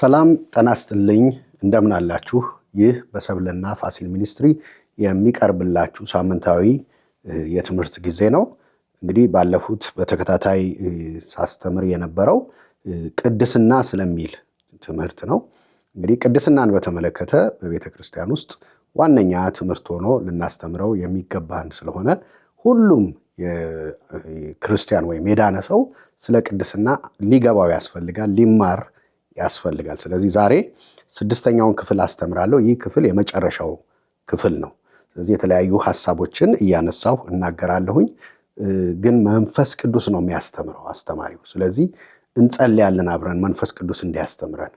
ሰላም ጠናስጥልኝ እንደምናላችሁ እንደምን አላችሁ? ይህ በሰብልና ፋሲል ሚኒስትሪ የሚቀርብላችሁ ሳምንታዊ የትምህርት ጊዜ ነው። እንግዲህ ባለፉት በተከታታይ ሳስተምር የነበረው ቅድስና ስለሚል ትምህርት ነው። እንግዲህ ቅድስናን በተመለከተ በቤተ ክርስቲያን ውስጥ ዋነኛ ትምህርት ሆኖ ልናስተምረው የሚገባን ስለሆነ ሁሉም ክርስቲያን ወይም የዳነ ሰው ስለ ቅድስና ሊገባው ያስፈልጋል፣ ሊማር ያስፈልጋል። ስለዚህ ዛሬ ስድስተኛውን ክፍል አስተምራለሁ። ይህ ክፍል የመጨረሻው ክፍል ነው። ስለዚህ የተለያዩ ሀሳቦችን እያነሳሁ እናገራለሁኝ። ግን መንፈስ ቅዱስ ነው የሚያስተምረው አስተማሪው። ስለዚህ እንጸልያለን አብረን መንፈስ ቅዱስ እንዲያስተምረን።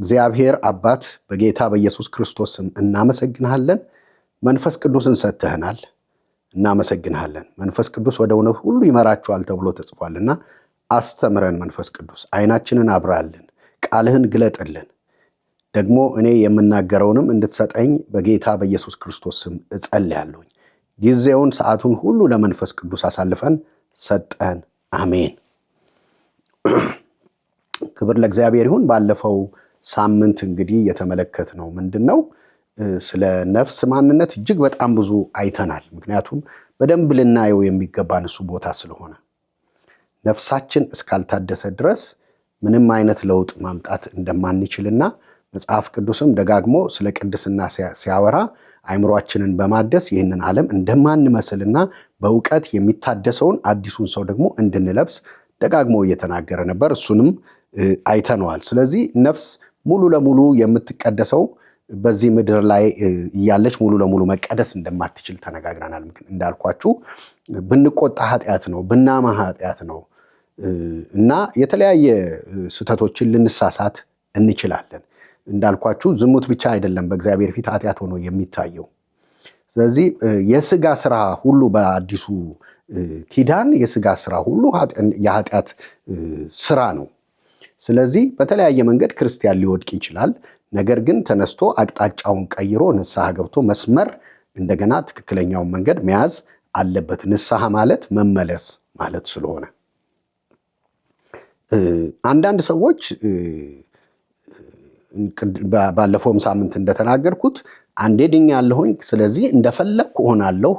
እግዚአብሔር አባት በጌታ በኢየሱስ ክርስቶስም እናመሰግንሃለን። መንፈስ ቅዱስን ሰጥተህናል፣ እናመሰግንሃለን። መንፈስ ቅዱስ ወደ እውነት ሁሉ ይመራችኋል ተብሎ ተጽፏልና አስተምረን። መንፈስ ቅዱስ አይናችንን አብራልን ቃልህን ግለጥልን ደግሞ እኔ የምናገረውንም እንድትሰጠኝ በጌታ በኢየሱስ ክርስቶስ ስም እጸልያለሁኝ። ጊዜውን ሰዓቱን ሁሉ ለመንፈስ ቅዱስ አሳልፈን ሰጠን። አሜን። ክብር ለእግዚአብሔር ይሁን። ባለፈው ሳምንት እንግዲህ የተመለከትነው ምንድን ነው? ስለ ነፍስ ማንነት እጅግ በጣም ብዙ አይተናል። ምክንያቱም በደንብ ልናየው የሚገባን እሱ ቦታ ስለሆነ ነፍሳችን እስካልታደሰ ድረስ ምንም አይነት ለውጥ ማምጣት እንደማንችልና መጽሐፍ ቅዱስም ደጋግሞ ስለ ቅድስና ሲያወራ አእምሯችንን በማደስ ይህንን ዓለም እንደማንመስልና በእውቀት የሚታደሰውን አዲሱን ሰው ደግሞ እንድንለብስ ደጋግሞ እየተናገረ ነበር። እሱንም አይተነዋል። ስለዚህ ነፍስ ሙሉ ለሙሉ የምትቀደሰው በዚህ ምድር ላይ እያለች ሙሉ ለሙሉ መቀደስ እንደማትችል ተነጋግረናል። እንዳልኳችሁ ብንቆጣ ኃጢአት ነው፣ ብናማ ኃጢአት ነው፣ እና የተለያየ ስህተቶችን ልንሳሳት እንችላለን። እንዳልኳችሁ ዝሙት ብቻ አይደለም በእግዚአብሔር ፊት ኃጢአት ሆኖ የሚታየው። ስለዚህ የስጋ ስራ ሁሉ በአዲሱ ኪዳን የስጋ ስራ ሁሉ የኃጢአት ስራ ነው። ስለዚህ በተለያየ መንገድ ክርስቲያን ሊወድቅ ይችላል። ነገር ግን ተነስቶ አቅጣጫውን ቀይሮ ንስሐ ገብቶ መስመር እንደገና ትክክለኛውን መንገድ መያዝ አለበት። ንስሐ ማለት መመለስ ማለት ስለሆነ አንዳንድ ሰዎች ባለፈውም ሳምንት እንደተናገርኩት አንዴ ድኛለሁኝ፣ ስለዚህ እንደፈለግኩ እሆናለሁ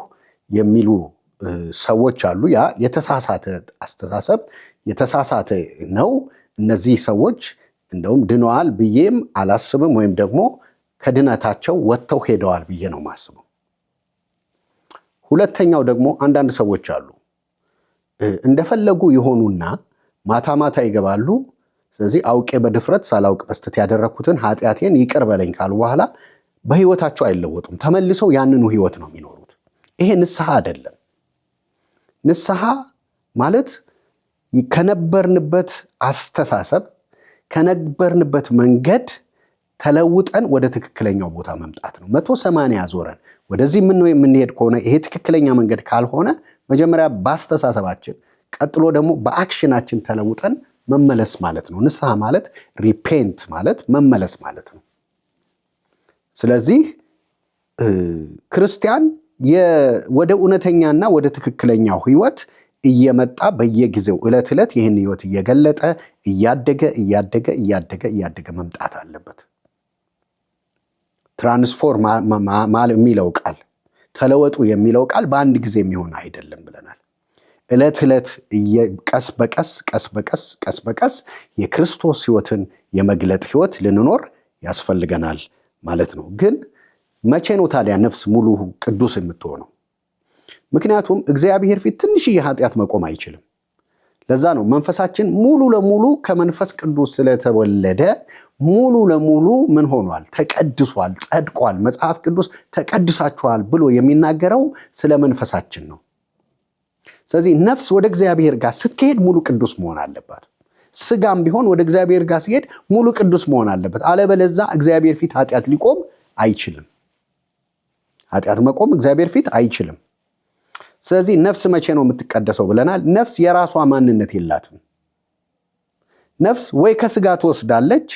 የሚሉ ሰዎች አሉ። ያ የተሳሳተ አስተሳሰብ የተሳሳተ ነው። እነዚህ ሰዎች እንደውም ድነዋል ብዬም አላስብም፣ ወይም ደግሞ ከድነታቸው ወጥተው ሄደዋል ብዬ ነው ማስበው። ሁለተኛው ደግሞ አንዳንድ ሰዎች አሉ እንደፈለጉ የሆኑና ማታ ማታ ይገባሉ። ስለዚህ አውቄ በድፍረት ሳላውቅ በስተት ያደረግኩትን ኃጢአቴን ይቅር በለኝ ካሉ በኋላ በህይወታቸው አይለወጡም። ተመልሰው ያንኑ ህይወት ነው የሚኖሩት። ይሄ ንስሐ አይደለም። ንስሐ ማለት ከነበርንበት አስተሳሰብ ከነበርንበት መንገድ ተለውጠን ወደ ትክክለኛው ቦታ መምጣት ነው። መቶ ሰማንያ ዞረን ወደዚህ የምንሄድ ከሆነ ይሄ ትክክለኛ መንገድ ካልሆነ መጀመሪያ በአስተሳሰባችን ቀጥሎ ደግሞ በአክሽናችን ተለውጠን መመለስ ማለት ነው። ንስሐ ማለት ሪፔንት ማለት መመለስ ማለት ነው። ስለዚህ ክርስቲያን ወደ እውነተኛና ወደ ትክክለኛው ህይወት እየመጣ በየጊዜው ዕለት ዕለት ይህን ህይወት እየገለጠ እያደገ እያደገ እያደገ እያደገ መምጣት አለበት። ትራንስፎርም የሚለው ቃል ተለወጡ የሚለው ቃል በአንድ ጊዜ የሚሆን አይደለም። ዕለት ዕለት ቀስ በቀስ ቀስ በቀስ ቀስ በቀስ የክርስቶስ ህይወትን የመግለጥ ህይወት ልንኖር ያስፈልገናል ማለት ነው። ግን መቼ ነው ታዲያ ነፍስ ሙሉ ቅዱስ የምትሆነው? ምክንያቱም እግዚአብሔር ፊት ትንሽዬ የኃጢአት መቆም አይችልም። ለዛ ነው መንፈሳችን ሙሉ ለሙሉ ከመንፈስ ቅዱስ ስለተወለደ ሙሉ ለሙሉ ምን ሆኗል? ተቀድሷል፣ ጸድቋል። መጽሐፍ ቅዱስ ተቀድሳችኋል ብሎ የሚናገረው ስለ መንፈሳችን ነው። ስለዚህ ነፍስ ወደ እግዚአብሔር ጋር ስትሄድ ሙሉ ቅዱስ መሆን አለባት። ስጋም ቢሆን ወደ እግዚአብሔር ጋር ሲሄድ ሙሉ ቅዱስ መሆን አለበት። አለበለዛ እግዚአብሔር ፊት ኃጢአት ሊቆም አይችልም። ኃጢአት መቆም እግዚአብሔር ፊት አይችልም። ስለዚህ ነፍስ መቼ ነው የምትቀደሰው ብለናል። ነፍስ የራሷ ማንነት የላትም። ነፍስ ወይ ከስጋ ትወስዳለች፣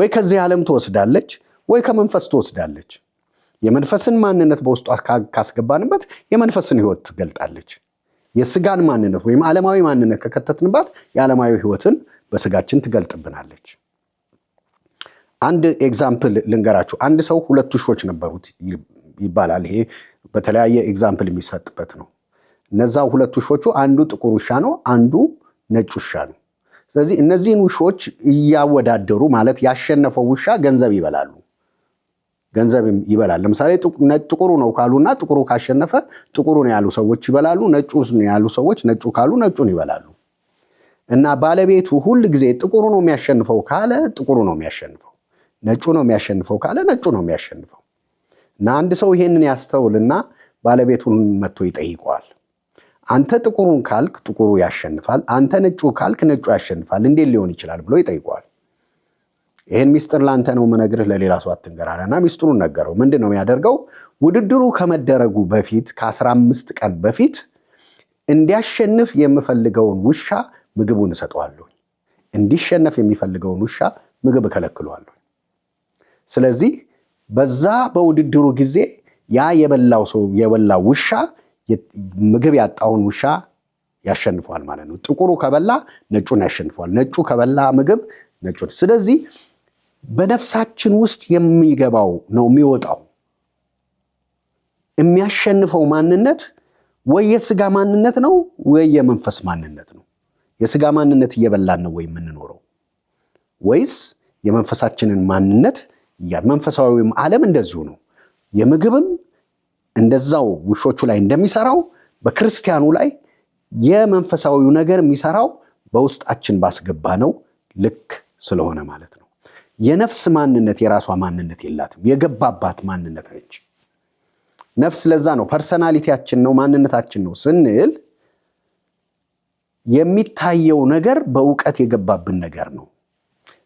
ወይ ከዚህ ዓለም ትወስዳለች፣ ወይ ከመንፈስ ትወስዳለች። የመንፈስን ማንነት በውስጧ ካስገባንበት የመንፈስን ሕይወት ትገልጣለች። የስጋን ማንነት ወይም ዓለማዊ ማንነት ከከተትንባት የዓለማዊ ህይወትን በስጋችን ትገልጥብናለች። አንድ ኤግዛምፕል ልንገራችሁ። አንድ ሰው ሁለት ውሾች ነበሩት ይባላል። ይሄ በተለያየ ኤግዛምፕል የሚሰጥበት ነው። እነዛ ሁለት ውሾቹ አንዱ ጥቁር ውሻ ነው፣ አንዱ ነጭ ውሻ ነው። ስለዚህ እነዚህን ውሾች እያወዳደሩ ማለት ያሸነፈው ውሻ ገንዘብ ይበላሉ ገንዘብ ይበላል። ለምሳሌ ጥቁሩ ነው ካሉና ጥቁሩ ካሸነፈ ጥቁሩ ነው ያሉ ሰዎች ይበላሉ። ነጩ ነው ያሉ ሰዎች ነጩ ካሉ ነጩን ይበላሉ። እና ባለቤቱ ሁል ጊዜ ጥቁሩ ነው የሚያሸንፈው ካለ ጥቁሩ ነው የሚያሸንፈው፣ ነጩ ነው የሚያሸንፈው ካለ ነጩ ነው የሚያሸንፈው። እና አንድ ሰው ይሄንን ያስተውልና ባለቤቱን መጥቶ ይጠይቀዋል። አንተ ጥቁሩን ካልክ ጥቁሩ ያሸንፋል፣ አንተ ነጩ ካልክ ነጩ ያሸንፋል፣ እንዴት ሊሆን ይችላል ብሎ ይጠይቀዋል። ይህን ሚስጥር ላንተ ነው የምነግርህ፣ ለሌላ ሰው አትንገር አለና ሚስጥሩን ነገረው። ምንድን ነው የሚያደርገው? ውድድሩ ከመደረጉ በፊት ከአስራ አምስት ቀን በፊት እንዲያሸንፍ የምፈልገውን ውሻ ምግቡን እሰጠዋለሁ፣ እንዲሸነፍ የሚፈልገውን ውሻ ምግብ እከለክለዋለሁ። ስለዚህ በዛ በውድድሩ ጊዜ ያ የበላው ሰው የበላው ውሻ ምግብ ያጣውን ውሻ ያሸንፈዋል ማለት ነው። ጥቁሩ ከበላ ነጩን ያሸንፈዋል፣ ነጩ ከበላ ምግብ ነጩን ስለዚህ በነፍሳችን ውስጥ የሚገባው ነው የሚወጣው። የሚያሸንፈው ማንነት ወይ የስጋ ማንነት ነው ወይ የመንፈስ ማንነት ነው። የስጋ ማንነት እየበላን ነው ወይ የምንኖረው ወይስ የመንፈሳችንን ማንነት? መንፈሳዊም ዓለም እንደዚሁ ነው። የምግብም እንደዛው ውሾቹ ላይ እንደሚሰራው በክርስቲያኑ ላይ የመንፈሳዊው ነገር የሚሰራው በውስጣችን ባስገባ ነው ልክ ስለሆነ ማለት ነው። የነፍስ ማንነት የራሷ ማንነት የላትም። የገባባት ማንነት ነች ነፍስ። ለዛ ነው ፐርሰናሊቲያችን ነው ማንነታችን ነው ስንል የሚታየው ነገር በእውቀት የገባብን ነገር ነው።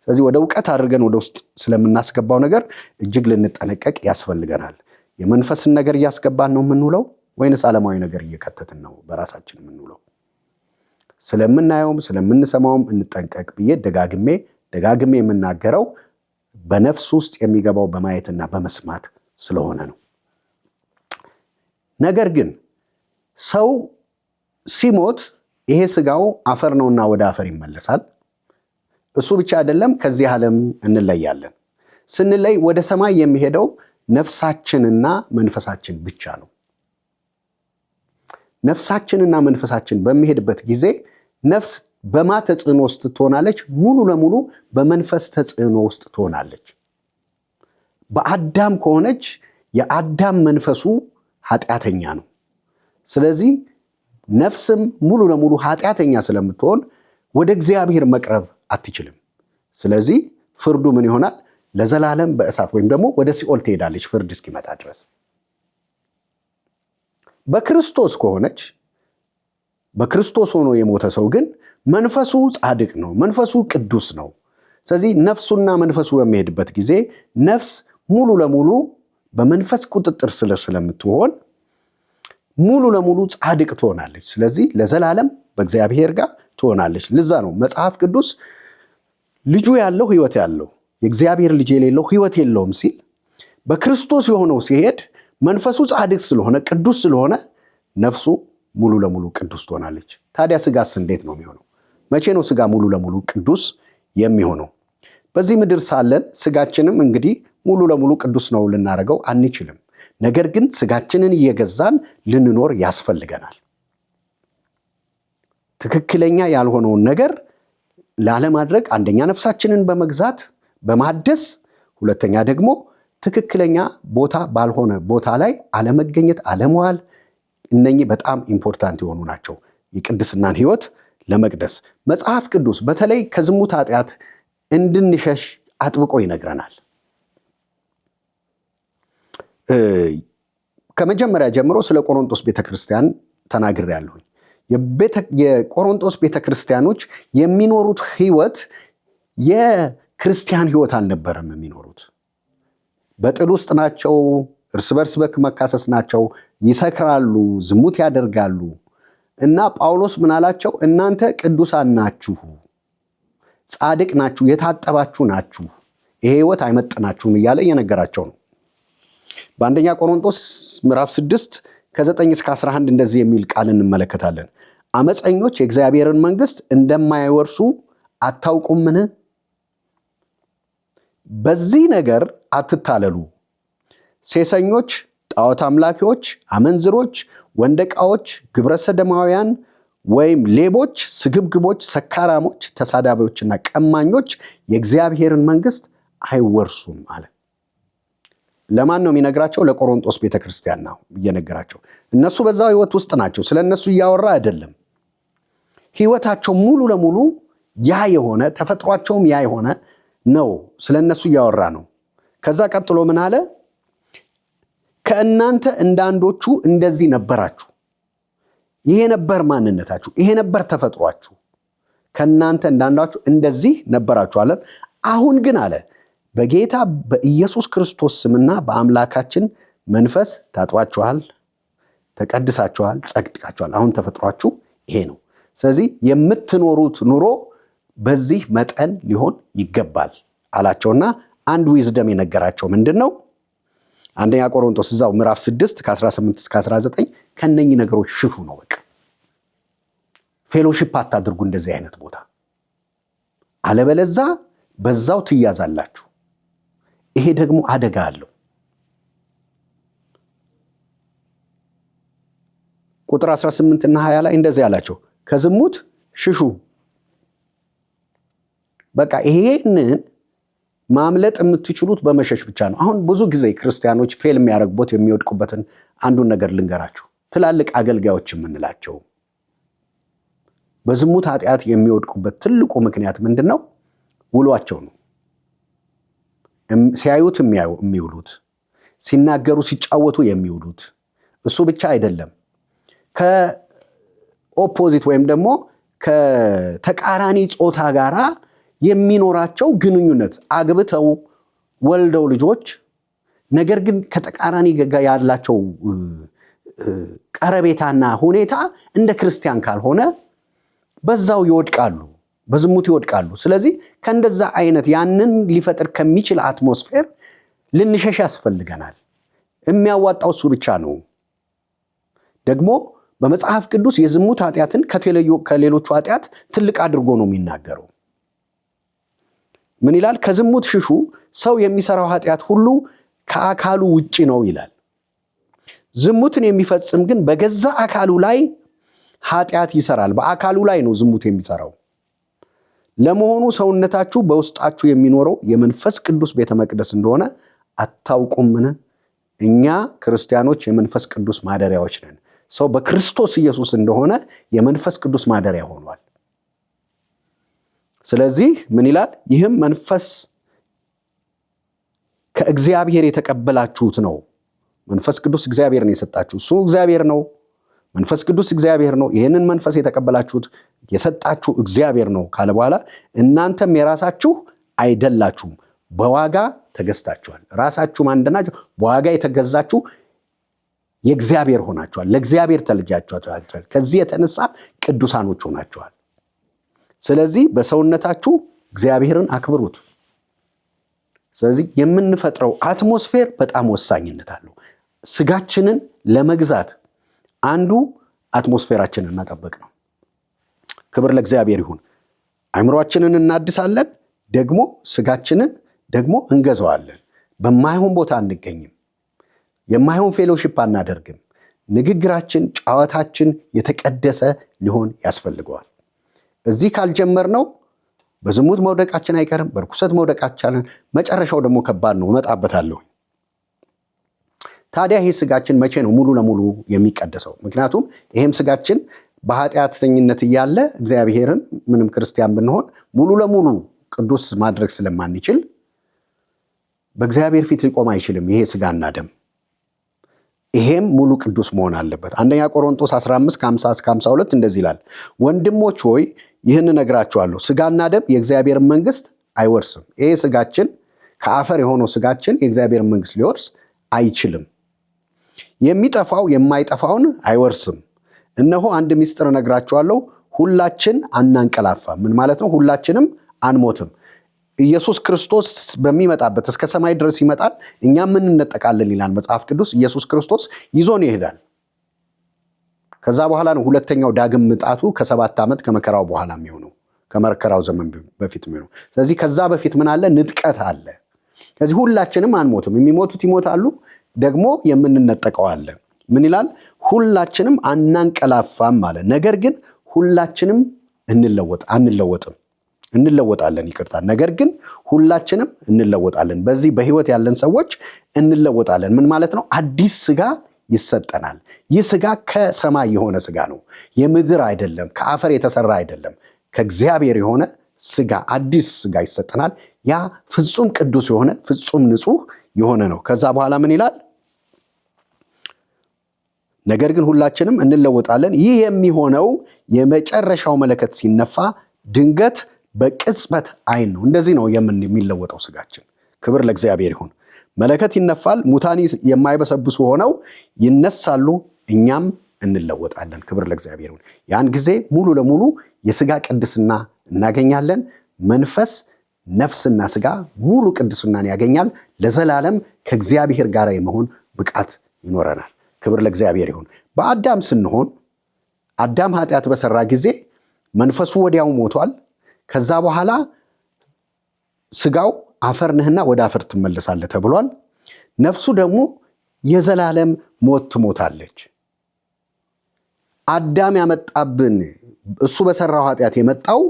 ስለዚህ ወደ እውቀት አድርገን ወደ ውስጥ ስለምናስገባው ነገር እጅግ ልንጠነቀቅ ያስፈልገናል። የመንፈስን ነገር እያስገባን ነው የምንውለው ወይንስ ዓለማዊ ነገር እየከተትን ነው በራሳችን የምንውለው? ስለምናየውም ስለምንሰማውም እንጠንቀቅ ብዬ ደጋግሜ ደጋግሜ የምናገረው በነፍስ ውስጥ የሚገባው በማየትና በመስማት ስለሆነ ነው። ነገር ግን ሰው ሲሞት ይሄ ስጋው አፈር ነውና ወደ አፈር ይመለሳል። እሱ ብቻ አይደለም፣ ከዚህ ዓለም እንለያለን። ስንለይ ወደ ሰማይ የሚሄደው ነፍሳችንና መንፈሳችን ብቻ ነው። ነፍሳችንና መንፈሳችን በሚሄድበት ጊዜ ነፍስ በማ ተጽዕኖ ውስጥ ትሆናለች? ሙሉ ለሙሉ በመንፈስ ተጽዕኖ ውስጥ ትሆናለች። በአዳም ከሆነች የአዳም መንፈሱ ኃጢአተኛ ነው። ስለዚህ ነፍስም ሙሉ ለሙሉ ኃጢአተኛ ስለምትሆን ወደ እግዚአብሔር መቅረብ አትችልም። ስለዚህ ፍርዱ ምን ይሆናል? ለዘላለም በእሳት ወይም ደግሞ ወደ ሲኦል ትሄዳለች ፍርድ እስኪመጣ ድረስ። በክርስቶስ ከሆነች በክርስቶስ ሆኖ የሞተ ሰው ግን መንፈሱ ጻድቅ ነው፣ መንፈሱ ቅዱስ ነው። ስለዚህ ነፍሱና መንፈሱ በሚሄድበት ጊዜ ነፍስ ሙሉ ለሙሉ በመንፈስ ቁጥጥር ስር ስለምትሆን ሙሉ ለሙሉ ጻድቅ ትሆናለች። ስለዚህ ለዘላለም በእግዚአብሔር ጋር ትሆናለች። ለዛ ነው መጽሐፍ ቅዱስ ልጁ ያለው ሕይወት ያለው የእግዚአብሔር ልጅ የሌለው ሕይወት የለውም ሲል በክርስቶስ የሆነው ሲሄድ መንፈሱ ጻድቅ ስለሆነ ቅዱስ ስለሆነ ነፍሱ ሙሉ ለሙሉ ቅዱስ ትሆናለች። ታዲያ ስጋስ እንዴት ነው የሚሆነው? መቼ ነው ስጋ ሙሉ ለሙሉ ቅዱስ የሚሆነው? በዚህ ምድር ሳለን ስጋችንም እንግዲህ ሙሉ ለሙሉ ቅዱስ ነው ልናደርገው አንችልም። ነገር ግን ስጋችንን እየገዛን ልንኖር ያስፈልገናል። ትክክለኛ ያልሆነውን ነገር ላለማድረግ አንደኛ ነፍሳችንን በመግዛት በማደስ፣ ሁለተኛ ደግሞ ትክክለኛ ቦታ ባልሆነ ቦታ ላይ አለመገኘት፣ አለመዋል እነኚህ በጣም ኢምፖርታንት የሆኑ ናቸው የቅድስናን ህይወት ለመቅደስ መጽሐፍ ቅዱስ በተለይ ከዝሙት ኃጢአት እንድንሸሽ አጥብቆ ይነግረናል። ከመጀመሪያ ጀምሮ ስለ ቆሮንጦስ ቤተክርስቲያን ያለሁኝ የቆሮንጦስ ቤተክርስቲያኖች የሚኖሩት ህይወት የክርስቲያን ህይወት አልነበረም። የሚኖሩት በጥል ውስጥ ናቸው። እርስ በርስ በክ መካሰስ ናቸው። ይሰክራሉ፣ ዝሙት ያደርጋሉ። እና ጳውሎስ ምናላቸው እናንተ ቅዱሳን ናችሁ፣ ጻድቅ ናችሁ፣ የታጠባችሁ ናችሁ፣ ይሄ ህይወት አይመጥናችሁም እያለ እየነገራቸው ነው። በአንደኛ ቆሮንቶስ ምዕራፍ 6 ከ9 እስከ 11 እንደዚህ የሚል ቃል እንመለከታለን። አመፀኞች የእግዚአብሔርን መንግስት እንደማይወርሱ አታውቁምን? በዚህ ነገር አትታለሉ። ሴሰኞች፣ ጣዖት አምላኪዎች፣ አመንዝሮች ወንደቃዎች፣ ግብረሰደማውያን ወይም ሌቦች፣ ስግብግቦች፣ ሰካራሞች፣ ተሳዳቢዎችና ቀማኞች የእግዚአብሔርን መንግስት አይወርሱም አለ። ለማን ነው የሚነግራቸው? ለቆሮንጦስ ቤተክርስቲያን ነው እየነገራቸው። እነሱ በዛ ህይወት ውስጥ ናቸው። ስለ እነሱ እያወራ አይደለም። ህይወታቸው ሙሉ ለሙሉ ያ የሆነ ተፈጥሯቸውም ያ የሆነ ነው። ስለ እነሱ እያወራ ነው። ከዛ ቀጥሎ ምን አለ? ከእናንተ እንዳንዶቹ እንደዚህ ነበራችሁ። ይሄ ነበር ማንነታችሁ፣ ይሄ ነበር ተፈጥሯችሁ። ከእናንተ እንዳንዳችሁ እንደዚህ ነበራችሁ አለን። አሁን ግን አለ በጌታ በኢየሱስ ክርስቶስ ስምና በአምላካችን መንፈስ ታጥባችኋል፣ ተቀድሳችኋል፣ ጸድቃችኋል። አሁን ተፈጥሯችሁ ይሄ ነው። ስለዚህ የምትኖሩት ኑሮ በዚህ መጠን ሊሆን ይገባል አላቸውና አንድ ዊዝደም የነገራቸው ምንድን ነው? አንደኛ ቆሮንቶስ እዛው ምዕራፍ 6 ከ18 እስከ 19 ከነኚህ ነገሮች ሽሹ ነው። በቃ ፌሎሺፕ አታድርጉ እንደዚህ አይነት ቦታ፣ አለበለዛ በዛው ትያዛላችሁ። ይሄ ደግሞ አደጋ አለው። ቁጥር 18 እና 20 ላይ እንደዚህ ያላቸው ከዝሙት ሽሹ። በቃ ይሄንን ማምለጥ የምትችሉት በመሸሽ ብቻ ነው። አሁን ብዙ ጊዜ ክርስቲያኖች ፌል የሚያደርጉበት የሚወድቁበትን አንዱን ነገር ልንገራችሁ። ትላልቅ አገልጋዮች የምንላቸው በዝሙት ኃጢአት የሚወድቁበት ትልቁ ምክንያት ምንድን ነው? ውሏቸው ነው። ሲያዩት የሚውሉት፣ ሲናገሩ ሲጫወቱ የሚውሉት። እሱ ብቻ አይደለም፣ ከኦፖዚት ወይም ደግሞ ከተቃራኒ ጾታ ጋራ የሚኖራቸው ግንኙነት አግብተው ወልደው ልጆች ነገር ግን ከተቃራኒ ያላቸው ቀረቤታና ሁኔታ እንደ ክርስቲያን ካልሆነ በዛው ይወድቃሉ፣ በዝሙት ይወድቃሉ። ስለዚህ ከእንደዛ አይነት ያንን ሊፈጥር ከሚችል አትሞስፌር ልንሸሽ ያስፈልገናል። የሚያዋጣው እሱ ብቻ ነው። ደግሞ በመጽሐፍ ቅዱስ የዝሙት ኃጢአትን ከሌሎቹ ኃጢአት ትልቅ አድርጎ ነው የሚናገረው። ምን ይላል? ከዝሙት ሽሹ። ሰው የሚሰራው ኃጢአት ሁሉ ከአካሉ ውጭ ነው ይላል። ዝሙትን የሚፈጽም ግን በገዛ አካሉ ላይ ኃጢአት ይሰራል። በአካሉ ላይ ነው ዝሙት የሚሰራው። ለመሆኑ ሰውነታችሁ በውስጣችሁ የሚኖረው የመንፈስ ቅዱስ ቤተ መቅደስ እንደሆነ አታውቁምን? እኛ ክርስቲያኖች የመንፈስ ቅዱስ ማደሪያዎች ነን። ሰው በክርስቶስ ኢየሱስ እንደሆነ የመንፈስ ቅዱስ ማደሪያ ሆኗል። ስለዚህ ምን ይላል? ይህም መንፈስ ከእግዚአብሔር የተቀበላችሁት ነው። መንፈስ ቅዱስ እግዚአብሔር ነው የሰጣችሁ። እሱ እግዚአብሔር ነው። መንፈስ ቅዱስ እግዚአብሔር ነው። ይህንን መንፈስ የተቀበላችሁት የሰጣችሁ እግዚአብሔር ነው ካለ በኋላ እናንተም የራሳችሁ አይደላችሁም፣ በዋጋ ተገዝታችኋል። ራሳችሁ አንድ በዋጋ የተገዛችሁ የእግዚአብሔር ሆናችኋል። ለእግዚአብሔር ተልጃችኋል። ከዚህ የተነሳ ቅዱሳኖች ሆናችኋል። ስለዚህ በሰውነታችሁ እግዚአብሔርን አክብሩት። ስለዚህ የምንፈጥረው አትሞስፌር በጣም ወሳኝነት አለው። ስጋችንን ለመግዛት አንዱ አትሞስፌራችንን መጠበቅ ነው። ክብር ለእግዚአብሔር ይሁን። አይምሯችንን እናድሳለን፣ ደግሞ ስጋችንን ደግሞ እንገዛዋለን። በማይሆን ቦታ አንገኝም። የማይሆን ፌሎሺፕ አናደርግም። ንግግራችን፣ ጨዋታችን የተቀደሰ ሊሆን ያስፈልገዋል። እዚህ ካልጀመር ነው በዝሙት መውደቃችን አይቀርም፣ በርኩሰት መውደቃችን መጨረሻው ደግሞ ከባድ ነው፣ እመጣበታለሁ። ታዲያ ይህ ስጋችን መቼ ነው ሙሉ ለሙሉ የሚቀደሰው? ምክንያቱም ይህም ስጋችን በኃጢአተኝነት እያለ እግዚአብሔርን ምንም ክርስቲያን ብንሆን ሙሉ ለሙሉ ቅዱስ ማድረግ ስለማንችል በእግዚአብሔር ፊት ሊቆም አይችልም ይሄ ስጋና ደም። ይሄም ሙሉ ቅዱስ መሆን አለበት። አንደኛ ቆሮንቶስ 15 50 እስከ 52 እንደዚህ ይላል፣ ወንድሞች ሆይ ይህን እነግራችኋለሁ፣ ስጋና ደም የእግዚአብሔርን መንግስት አይወርስም። ይሄ ስጋችን ከአፈር የሆነው ስጋችን የእግዚአብሔርን መንግስት ሊወርስ አይችልም። የሚጠፋው የማይጠፋውን አይወርስም። እነሆ አንድ ምስጢር እነግራችኋለሁ፣ ሁላችን አናንቀላፋም። ምን ማለት ነው? ሁላችንም አንሞትም። ኢየሱስ ክርስቶስ በሚመጣበት እስከ ሰማይ ድረስ ይመጣል፣ እኛም እንነጠቃለን ይላል መጽሐፍ ቅዱስ። ኢየሱስ ክርስቶስ ይዞን ይሄዳል። ከዛ በኋላ ነው ሁለተኛው ዳግም ምጣቱ ከሰባት ዓመት ከመከራው በኋላ የሚሆነው ከመከራው ዘመን በፊት የሚሆነው። ስለዚህ ከዛ በፊት ምን አለ? ንጥቀት አለ። ስለዚህ ሁላችንም አንሞትም። የሚሞቱት ይሞታሉ፣ ደግሞ የምንነጠቀው አለ። ምን ይላል? ሁላችንም አናንቀላፋም አለ። ነገር ግን ሁላችንም እንለወጥ አንለወጥም እንለወጣለን ይቅርታ። ነገር ግን ሁላችንም እንለወጣለን። በዚህ በህይወት ያለን ሰዎች እንለወጣለን። ምን ማለት ነው? አዲስ ስጋ? ይሰጠናል። ይህ ስጋ ከሰማይ የሆነ ስጋ ነው፣ የምድር አይደለም፣ ከአፈር የተሰራ አይደለም። ከእግዚአብሔር የሆነ ስጋ አዲስ ስጋ ይሰጠናል። ያ ፍጹም ቅዱስ የሆነ ፍጹም ንጹህ የሆነ ነው። ከዛ በኋላ ምን ይላል? ነገር ግን ሁላችንም እንለወጣለን። ይህ የሚሆነው የመጨረሻው መለከት ሲነፋ ድንገት በቅጽበት አይን ነው። እንደዚህ ነው የሚለወጠው ስጋችን። ክብር ለእግዚአብሔር ይሁን። መለከት ይነፋል፣ ሙታኒ የማይበሰብሱ ሆነው ይነሳሉ፣ እኛም እንለወጣለን። ክብር ለእግዚአብሔር ይሁን። ያን ጊዜ ሙሉ ለሙሉ የስጋ ቅድስና እናገኛለን። መንፈስ ነፍስና ስጋ ሙሉ ቅድስናን ያገኛል። ለዘላለም ከእግዚአብሔር ጋር የመሆን ብቃት ይኖረናል። ክብር ለእግዚአብሔር ይሁን። በአዳም ስንሆን አዳም ኃጢአት በሰራ ጊዜ መንፈሱ ወዲያው ሞቷል። ከዛ በኋላ ስጋው አፈር ነህና ወደ አፈር ትመለሳለህ ተብሏል። ነፍሱ ደግሞ የዘላለም ሞት ትሞታለች። አዳም ያመጣብን እሱ በሰራው ኃጢአት የመጣው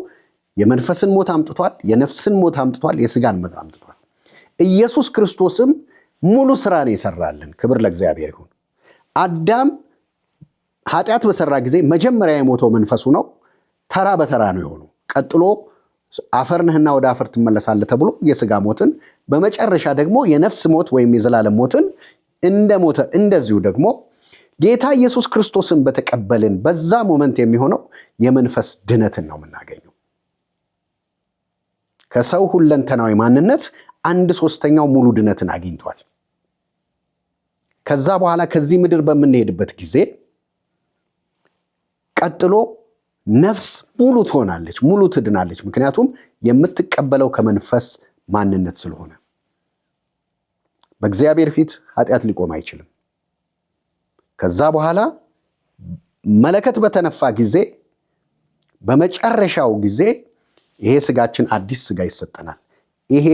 የመንፈስን ሞት አምጥቷል፣ የነፍስን ሞት አምጥቷል፣ የስጋን ሞት አምጥቷል። ኢየሱስ ክርስቶስም ሙሉ ስራን የሰራልን። ክብር ለእግዚአብሔር ይሁን። አዳም ኃጢአት በሰራ ጊዜ መጀመሪያ የሞተው መንፈሱ ነው። ተራ በተራ ነው የሆኑ ቀጥሎ አፈር ነህና ወደ አፈር ትመለሳለህ ተብሎ የስጋ ሞትን በመጨረሻ ደግሞ የነፍስ ሞት ወይም የዘላለም ሞትን እንደ ሞተ እንደዚሁ ደግሞ ጌታ ኢየሱስ ክርስቶስን በተቀበልን በዛ ሞመንት የሚሆነው የመንፈስ ድነትን ነው የምናገኘው። ከሰው ሁለንተናዊ ማንነት አንድ ሶስተኛው ሙሉ ድነትን አግኝቷል። ከዛ በኋላ ከዚህ ምድር በምንሄድበት ጊዜ ቀጥሎ ነፍስ ሙሉ ትሆናለች፣ ሙሉ ትድናለች። ምክንያቱም የምትቀበለው ከመንፈስ ማንነት ስለሆነ በእግዚአብሔር ፊት ኃጢአት ሊቆም አይችልም። ከዛ በኋላ መለከት በተነፋ ጊዜ በመጨረሻው ጊዜ ይሄ ስጋችን አዲስ ስጋ ይሰጠናል። ይሄ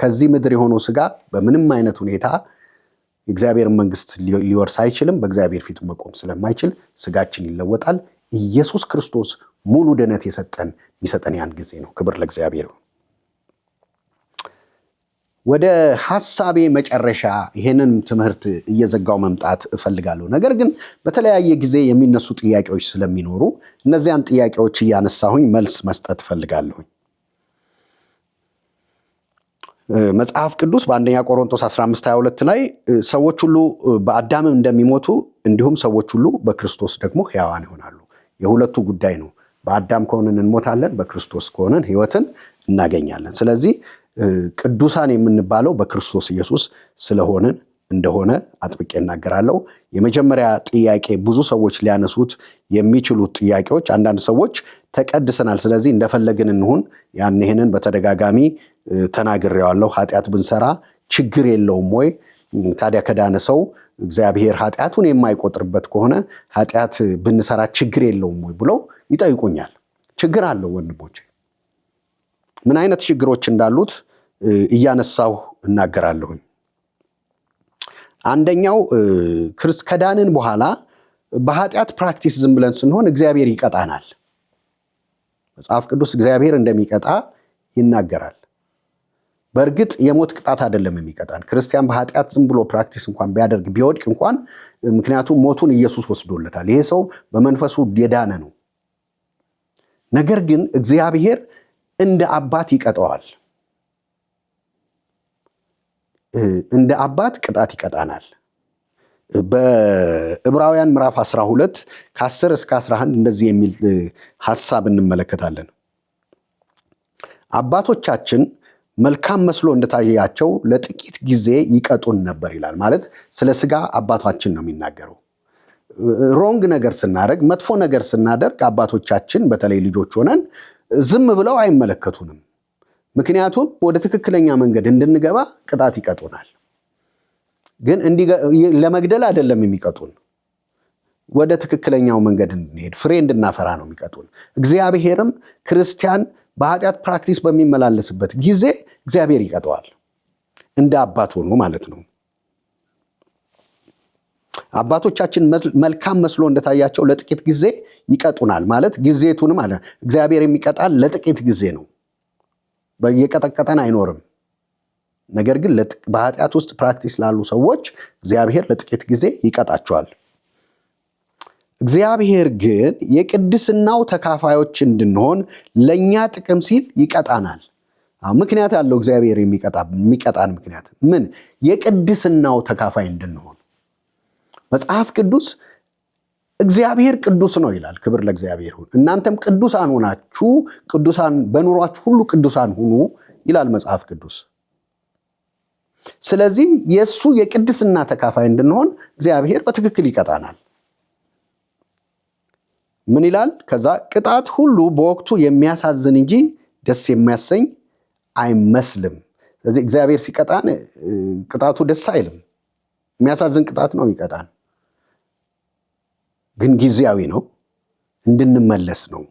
ከዚህ ምድር የሆነው ስጋ በምንም አይነት ሁኔታ የእግዚአብሔር መንግስት ሊወርስ አይችልም። በእግዚአብሔር ፊት መቆም ስለማይችል ስጋችን ይለወጣል። ኢየሱስ ክርስቶስ ሙሉ ድነት የሰጠን የሚሰጠን ያን ጊዜ ነው። ክብር ለእግዚአብሔር። ወደ ሀሳቤ መጨረሻ ይሄንን ትምህርት እየዘጋው መምጣት እፈልጋለሁ። ነገር ግን በተለያየ ጊዜ የሚነሱ ጥያቄዎች ስለሚኖሩ እነዚያን ጥያቄዎች እያነሳሁኝ መልስ መስጠት እፈልጋለሁኝ። መጽሐፍ ቅዱስ በአንደኛ ቆሮንቶስ 15፥22 ላይ ሰዎች ሁሉ በአዳምም እንደሚሞቱ እንዲሁም ሰዎች ሁሉ በክርስቶስ ደግሞ ሕያዋን ይሆናሉ የሁለቱ ጉዳይ ነው። በአዳም ከሆንን እንሞታለን፣ በክርስቶስ ከሆንን ህይወትን እናገኛለን። ስለዚህ ቅዱሳን የምንባለው በክርስቶስ ኢየሱስ ስለሆንን እንደሆነ አጥብቄ እናገራለሁ። የመጀመሪያ ጥያቄ ብዙ ሰዎች ሊያነሱት የሚችሉት ጥያቄዎች፣ አንዳንድ ሰዎች ተቀድሰናል፣ ስለዚህ እንደፈለግን እንሁን፣ ያን ይህንን በተደጋጋሚ ተናግሬዋለሁ። ኃጢአት ብንሰራ ችግር የለውም ወይ? ታዲያ ከዳነ ሰው እግዚአብሔር ኃጢአቱን የማይቆጥርበት ከሆነ ኃጢአት ብንሰራ ችግር የለውም ወይ ብለው ይጠይቁኛል። ችግር አለው ወንድሞች፣ ምን አይነት ችግሮች እንዳሉት እያነሳሁ እናገራለሁኝ። አንደኛው ከዳንን በኋላ በኃጢአት ፕራክቲስ ዝም ብለን ስንሆን እግዚአብሔር ይቀጣናል። መጽሐፍ ቅዱስ እግዚአብሔር እንደሚቀጣ ይናገራል። በእርግጥ የሞት ቅጣት አይደለም የሚቀጣን። ክርስቲያን በኃጢአት ዝም ብሎ ፕራክቲስ እንኳን ቢያደርግ ቢወድቅ እንኳን ምክንያቱም ሞቱን ኢየሱስ ወስዶለታል። ይሄ ሰው በመንፈሱ የዳነ ነው። ነገር ግን እግዚአብሔር እንደ አባት ይቀጠዋል። እንደ አባት ቅጣት ይቀጣናል። በዕብራውያን ምዕራፍ 12 ከ10 እስከ 11 እንደዚህ የሚል ሀሳብ እንመለከታለን። አባቶቻችን መልካም መስሎ እንደታያቸው ለጥቂት ጊዜ ይቀጡን ነበር ይላል። ማለት ስለ ስጋ አባታችን ነው የሚናገረው። ሮንግ ነገር ስናደርግ፣ መጥፎ ነገር ስናደርግ አባቶቻችን በተለይ ልጆች ሆነን ዝም ብለው አይመለከቱንም። ምክንያቱም ወደ ትክክለኛ መንገድ እንድንገባ ቅጣት ይቀጡናል። ግን ለመግደል አይደለም የሚቀጡን ወደ ትክክለኛው መንገድ እንድንሄድ ፍሬ እንድናፈራ ነው የሚቀጡን። እግዚአብሔርም ክርስቲያን በኃጢአት ፕራክቲስ በሚመላለስበት ጊዜ እግዚአብሔር ይቀጠዋል። እንደ አባት ሆኖ ማለት ነው። አባቶቻችን መልካም መስሎ እንደታያቸው ለጥቂት ጊዜ ይቀጡናል። ማለት ጊዜቱንም አለ እግዚአብሔር የሚቀጣል ለጥቂት ጊዜ ነው። የቀጠቀጠን አይኖርም። ነገር ግን በኃጢአት ውስጥ ፕራክቲስ ላሉ ሰዎች እግዚአብሔር ለጥቂት ጊዜ ይቀጣቸዋል። እግዚአብሔር ግን የቅድስናው ተካፋዮች እንድንሆን ለእኛ ጥቅም ሲል ይቀጣናል። ምክንያት ያለው እግዚአብሔር የሚቀጣን ምክንያት ምን? የቅድስናው ተካፋይ እንድንሆን። መጽሐፍ ቅዱስ እግዚአብሔር ቅዱስ ነው ይላል። ክብር ለእግዚአብሔር ይሁን። እናንተም ቅዱሳን ሆናችሁ ቅዱሳን በኑሯችሁ ሁሉ ቅዱሳን ሁኑ ይላል መጽሐፍ ቅዱስ። ስለዚህ የእሱ የቅድስና ተካፋይ እንድንሆን እግዚአብሔር በትክክል ይቀጣናል። ምን ይላል? ከዛ ቅጣት ሁሉ በወቅቱ የሚያሳዝን እንጂ ደስ የሚያሰኝ አይመስልም። ስለዚህ እግዚአብሔር ሲቀጣን ቅጣቱ ደስ አይልም። የሚያሳዝን ቅጣት ነው የሚቀጣን፣ ግን ጊዜያዊ ነው፣ እንድንመለስ ነው።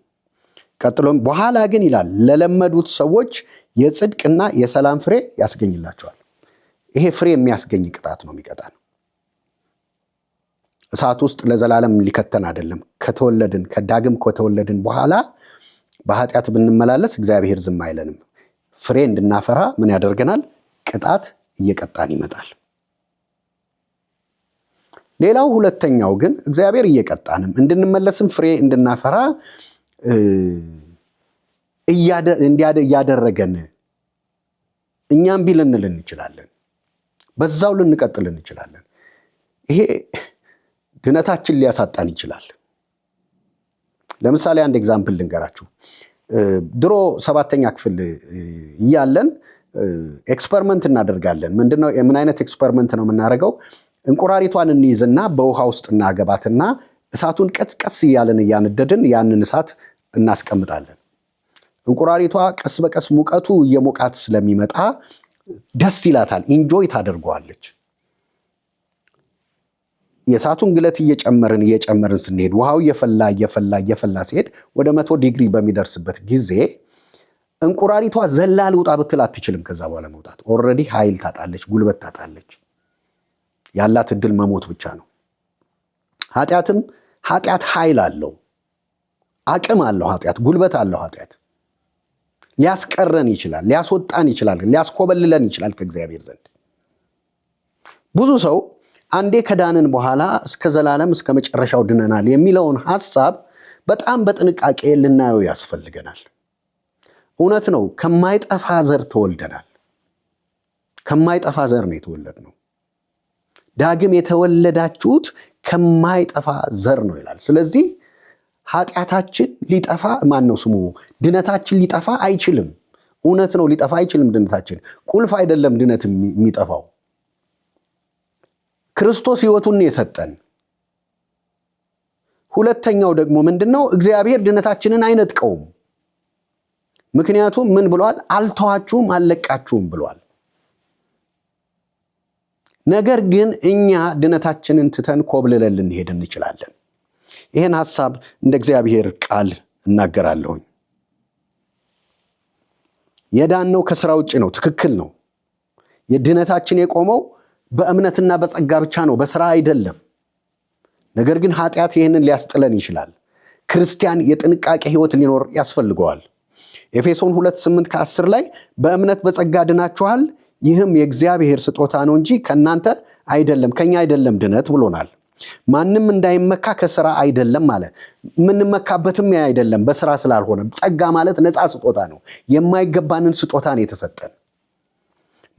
ቀጥሎም በኋላ ግን ይላል ለለመዱት ሰዎች የጽድቅና የሰላም ፍሬ ያስገኝላቸዋል። ይሄ ፍሬ የሚያስገኝ ቅጣት ነው የሚቀጣን። እሳት ውስጥ ለዘላለም ሊከተን አይደለም። ከተወለድን ከዳግም ከተወለድን በኋላ በኃጢአት ብንመላለስ እግዚአብሔር ዝም አይለንም። ፍሬ እንድናፈራ ምን ያደርገናል? ቅጣት እየቀጣን ይመጣል። ሌላው ሁለተኛው ግን እግዚአብሔር እየቀጣንም እንድንመለስም ፍሬ እንድናፈራ እያደረገን እኛም ቢ ልንል እንችላለን። በዛው ልንቀጥል እንችላለን። ይሄ ድነታችን ሊያሳጣን ይችላል። ለምሳሌ አንድ ኤግዛምፕል ልንገራችሁ። ድሮ ሰባተኛ ክፍል እያለን ኤክስፐሪመንት እናደርጋለን። ምንድነው? ምን አይነት ኤክስፐሪመንት ነው የምናደርገው? እንቁራሪቷን እንይዝና በውሃ ውስጥ እናገባትና እሳቱን ቀስቀስ እያለን እያነደድን ያንን እሳት እናስቀምጣለን። እንቁራሪቷ ቀስ በቀስ ሙቀቱ እየሞቃት ስለሚመጣ ደስ ይላታል፣ ኢንጆይ ታደርገዋለች። የእሳቱን ግለት እየጨመርን እየጨመርን ስንሄድ ውሃው እየፈላ እየፈላ እየፈላ ሲሄድ ወደ መቶ ዲግሪ በሚደርስበት ጊዜ እንቁራሪቷ ዘላ ልውጣ ብትል አትችልም። ከዛ በኋላ መውጣት ኦልሬዲ ኃይል ታጣለች፣ ጉልበት ታጣለች። ያላት እድል መሞት ብቻ ነው። ኃጢአትም ኃጢአት ኃይል አለው፣ አቅም አለው፣ ኃጢአት ጉልበት አለው። ኃጢአት ሊያስቀረን ይችላል፣ ሊያስወጣን ይችላል፣ ሊያስኮበልለን ይችላል ከእግዚአብሔር ዘንድ ብዙ ሰው አንዴ ከዳንን በኋላ እስከ ዘላለም እስከ መጨረሻው ድነናል የሚለውን ሐሳብ በጣም በጥንቃቄ ልናየው ያስፈልገናል። እውነት ነው፣ ከማይጠፋ ዘር ተወልደናል። ከማይጠፋ ዘር ነው የተወለድነው። ዳግም የተወለዳችሁት ከማይጠፋ ዘር ነው ይላል። ስለዚህ ኃጢአታችን ሊጠፋ ማን ነው ስሙ፣ ድነታችን ሊጠፋ አይችልም። እውነት ነው፣ ሊጠፋ አይችልም ድነታችን። ቁልፍ አይደለም ድነት የሚጠፋው ክርስቶስ ህይወቱን የሰጠን። ሁለተኛው ደግሞ ምንድን ነው? እግዚአብሔር ድነታችንን አይነጥቀውም። ምክንያቱም ምን ብሏል? አልተዋችሁም፣ አልለቃችሁም ብሏል። ነገር ግን እኛ ድነታችንን ትተን ኮብልለን ልንሄድ እንችላለን። ይህን ሐሳብ እንደ እግዚአብሔር ቃል እናገራለሁኝ። የዳነው ከስራ ውጭ ነው። ትክክል ነው። ድነታችን የቆመው በእምነትና በጸጋ ብቻ ነው፣ በስራ አይደለም። ነገር ግን ኃጢአት ይህንን ሊያስጥለን ይችላል። ክርስቲያን የጥንቃቄ ህይወት ሊኖር ያስፈልገዋል። ኤፌሶን 28 ከ10 ላይ በእምነት በጸጋ ድናችኋል፣ ይህም የእግዚአብሔር ስጦታ ነው እንጂ ከእናንተ አይደለም ከኛ አይደለም ድነት ብሎናል። ማንም እንዳይመካ ከስራ አይደለም አለ። የምንመካበትም አይደለም በስራ ስላልሆነ። ጸጋ ማለት ነፃ ስጦታ ነው። የማይገባንን ስጦታ ነው የተሰጠን።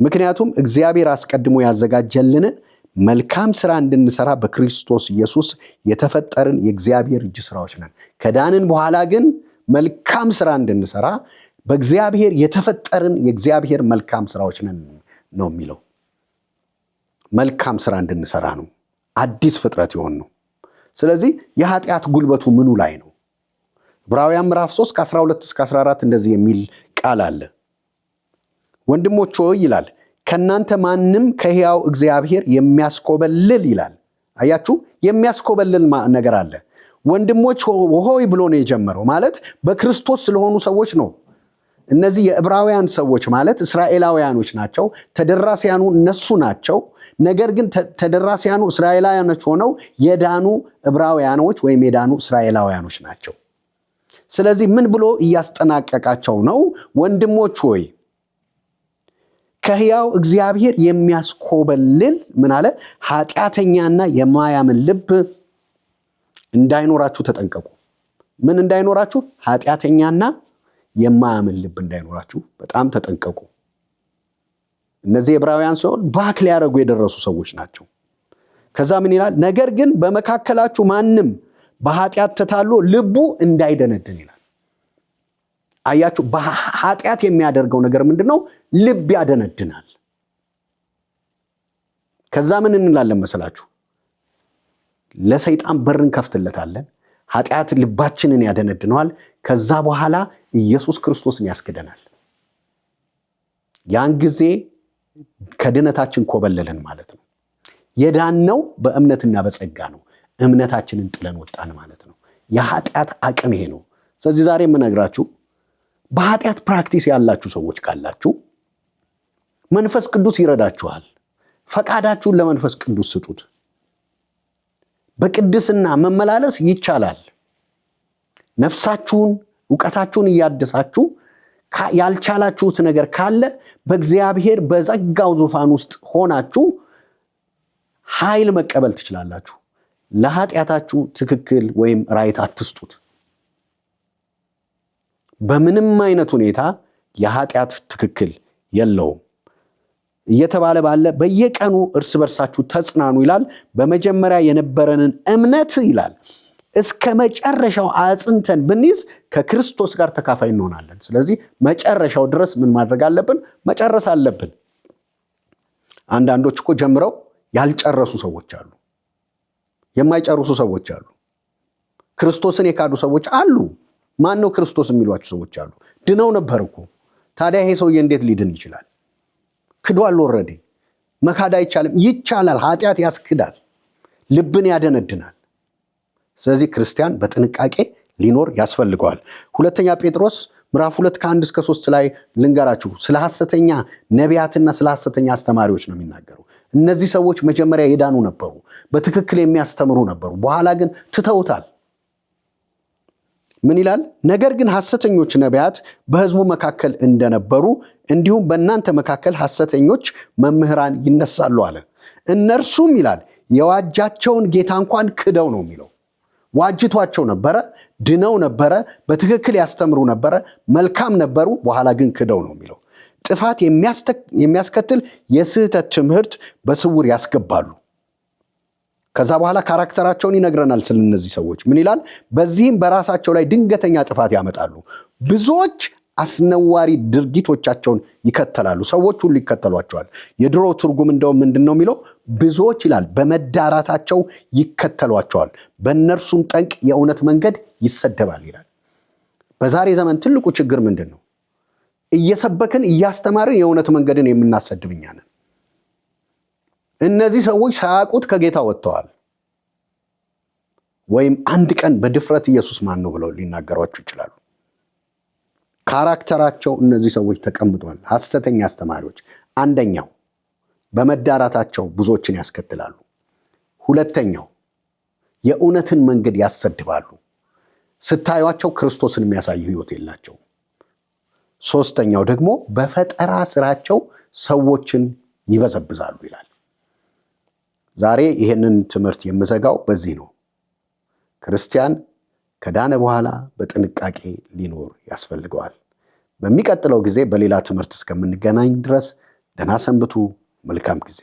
ምክንያቱም እግዚአብሔር አስቀድሞ ያዘጋጀልንን መልካም ስራ እንድንሰራ በክርስቶስ ኢየሱስ የተፈጠርን የእግዚአብሔር እጅ ስራዎች ነን። ከዳንን በኋላ ግን መልካም ስራ እንድንሰራ በእግዚአብሔር የተፈጠርን የእግዚአብሔር መልካም ስራዎች ነን ነው የሚለው። መልካም ስራ እንድንሰራ ነው። አዲስ ፍጥረት የሆን ነው። ስለዚህ የኃጢአት ጉልበቱ ምኑ ላይ ነው? ዕብራውያን ምዕራፍ 3 ከ12 እስከ 14 እንደዚህ የሚል ቃል አለ። ወንድሞች ሆይ ይላል ከእናንተ ማንም ከሕያው እግዚአብሔር የሚያስኮበልል ይላል። አያችሁ፣ የሚያስኮበልል ነገር አለ። ወንድሞች ሆይ ብሎ ነው የጀመረው። ማለት በክርስቶስ ስለሆኑ ሰዎች ነው። እነዚህ የዕብራውያን ሰዎች ማለት እስራኤላውያኖች ናቸው። ተደራሲያኑ እነሱ ናቸው። ነገር ግን ተደራሲያኑ እስራኤላውያኖች ሆነው የዳኑ ዕብራውያኖች ወይም የዳኑ እስራኤላውያኖች ናቸው። ስለዚህ ምን ብሎ እያስጠናቀቃቸው ነው? ወንድሞች ሆይ ከህያው እግዚአብሔር የሚያስኮበልል ምን አለ? ኃጢአተኛና የማያምን ልብ እንዳይኖራችሁ ተጠንቀቁ። ምን እንዳይኖራችሁ? ኃጢአተኛና የማያምን ልብ እንዳይኖራችሁ በጣም ተጠንቀቁ። እነዚህ ዕብራውያን ሲሆን ባክ ሊያደረጉ የደረሱ ሰዎች ናቸው። ከዛ ምን ይላል? ነገር ግን በመካከላችሁ ማንም በኃጢአት ተታሎ ልቡ እንዳይደነድን ይላል። አያችሁ፣ በኃጢአት የሚያደርገው ነገር ምንድን ነው? ልብ ያደነድናል። ከዛ ምን እንላለን መሰላችሁ? ለሰይጣን በር እንከፍትለታለን። ኃጢአት ልባችንን ያደነድነዋል። ከዛ በኋላ ኢየሱስ ክርስቶስን ያስክደናል። ያን ጊዜ ከድነታችን ኮበለልን ማለት ነው። የዳነው በእምነትና በጸጋ ነው። እምነታችንን ጥለን ወጣን ማለት ነው። የኃጢአት አቅም ይሄ ነው። ስለዚህ ዛሬ የምነግራችሁ በኃጢአት ፕራክቲስ ያላችሁ ሰዎች ካላችሁ መንፈስ ቅዱስ ይረዳችኋል። ፈቃዳችሁን ለመንፈስ ቅዱስ ስጡት። በቅድስና መመላለስ ይቻላል። ነፍሳችሁን፣ እውቀታችሁን እያደሳችሁ ያልቻላችሁት ነገር ካለ በእግዚአብሔር በጸጋው ዙፋን ውስጥ ሆናችሁ ኃይል መቀበል ትችላላችሁ። ለኃጢአታችሁ ትክክል ወይም ራይት አትስጡት። በምንም አይነት ሁኔታ የኃጢአት ትክክል የለውም እየተባለ ባለ በየቀኑ እርስ በርሳችሁ ተጽናኑ ይላል። በመጀመሪያ የነበረንን እምነት ይላል እስከ መጨረሻው አጽንተን ብንይዝ ከክርስቶስ ጋር ተካፋይ እንሆናለን። ስለዚህ መጨረሻው ድረስ ምን ማድረግ አለብን? መጨረስ አለብን። አንዳንዶች እኮ ጀምረው ያልጨረሱ ሰዎች አሉ፣ የማይጨርሱ ሰዎች አሉ፣ ክርስቶስን የካዱ ሰዎች አሉ። ማን ነው ክርስቶስ የሚሏቸው ሰዎች አሉ። ድነው ነበር እኮ ታዲያ ይሄ ሰውዬ እንዴት ሊድን ይችላል? ክዷል። ኦልሬዲ መካድ አይቻልም። ይቻላል። ኃጢአት ያስክዳል፣ ልብን ያደነድናል። ስለዚህ ክርስቲያን በጥንቃቄ ሊኖር ያስፈልገዋል። ሁለተኛ ጴጥሮስ ምዕራፍ ሁለት ከአንድ እስከ ሶስት ላይ ልንገራችሁ። ስለ ሐሰተኛ ነቢያትና ስለ ሐሰተኛ አስተማሪዎች ነው የሚናገረው። እነዚህ ሰዎች መጀመሪያ የዳኑ ነበሩ፣ በትክክል የሚያስተምሩ ነበሩ። በኋላ ግን ትተውታል። ምን ይላል? ነገር ግን ሐሰተኞች ነቢያት በሕዝቡ መካከል እንደነበሩ እንዲሁም በእናንተ መካከል ሐሰተኞች መምህራን ይነሳሉ አለ። እነርሱም ይላል የዋጃቸውን ጌታ እንኳን ክደው ነው የሚለው። ዋጅቷቸው ነበረ፣ ድነው ነበረ፣ በትክክል ያስተምሩ ነበረ፣ መልካም ነበሩ፣ በኋላ ግን ክደው ነው የሚለው። ጥፋት የሚያስከትል የስህተት ትምህርት በስውር ያስገባሉ። ከዛ በኋላ ካራክተራቸውን ይነግረናል ስለ እነዚህ ሰዎች ምን ይላል? በዚህም በራሳቸው ላይ ድንገተኛ ጥፋት ያመጣሉ። ብዙዎች አስነዋሪ ድርጊቶቻቸውን ይከተላሉ። ሰዎች ሁሉ ይከተሏቸዋል። የድሮ ትርጉም እንደውም ምንድን ነው የሚለው? ብዙዎች ይላል በመዳራታቸው ይከተሏቸዋል፣ በእነርሱም ጠንቅ የእውነት መንገድ ይሰደባል ይላል። በዛሬ ዘመን ትልቁ ችግር ምንድን ነው? እየሰበክን እያስተማርን የእውነት መንገድን ነን። እነዚህ ሰዎች ሳያውቁት ከጌታ ወጥተዋል። ወይም አንድ ቀን በድፍረት ኢየሱስ ማን ነው ብለው ሊናገሯቸው ይችላሉ። ካራክተራቸው እነዚህ ሰዎች ተቀምጧል። ሐሰተኛ አስተማሪዎች፣ አንደኛው በመዳራታቸው ብዙዎችን ያስከትላሉ። ሁለተኛው የእውነትን መንገድ ያሰድባሉ። ስታዩቸው ክርስቶስን የሚያሳዩ ህይወት የላቸው። ሶስተኛው ደግሞ በፈጠራ ስራቸው ሰዎችን ይበዘብዛሉ ይላል። ዛሬ ይህንን ትምህርት የምዘጋው በዚህ ነው። ክርስቲያን ከዳነ በኋላ በጥንቃቄ ሊኖር ያስፈልገዋል። በሚቀጥለው ጊዜ በሌላ ትምህርት እስከምንገናኝ ድረስ ደህና ሰንብቱ። መልካም ጊዜ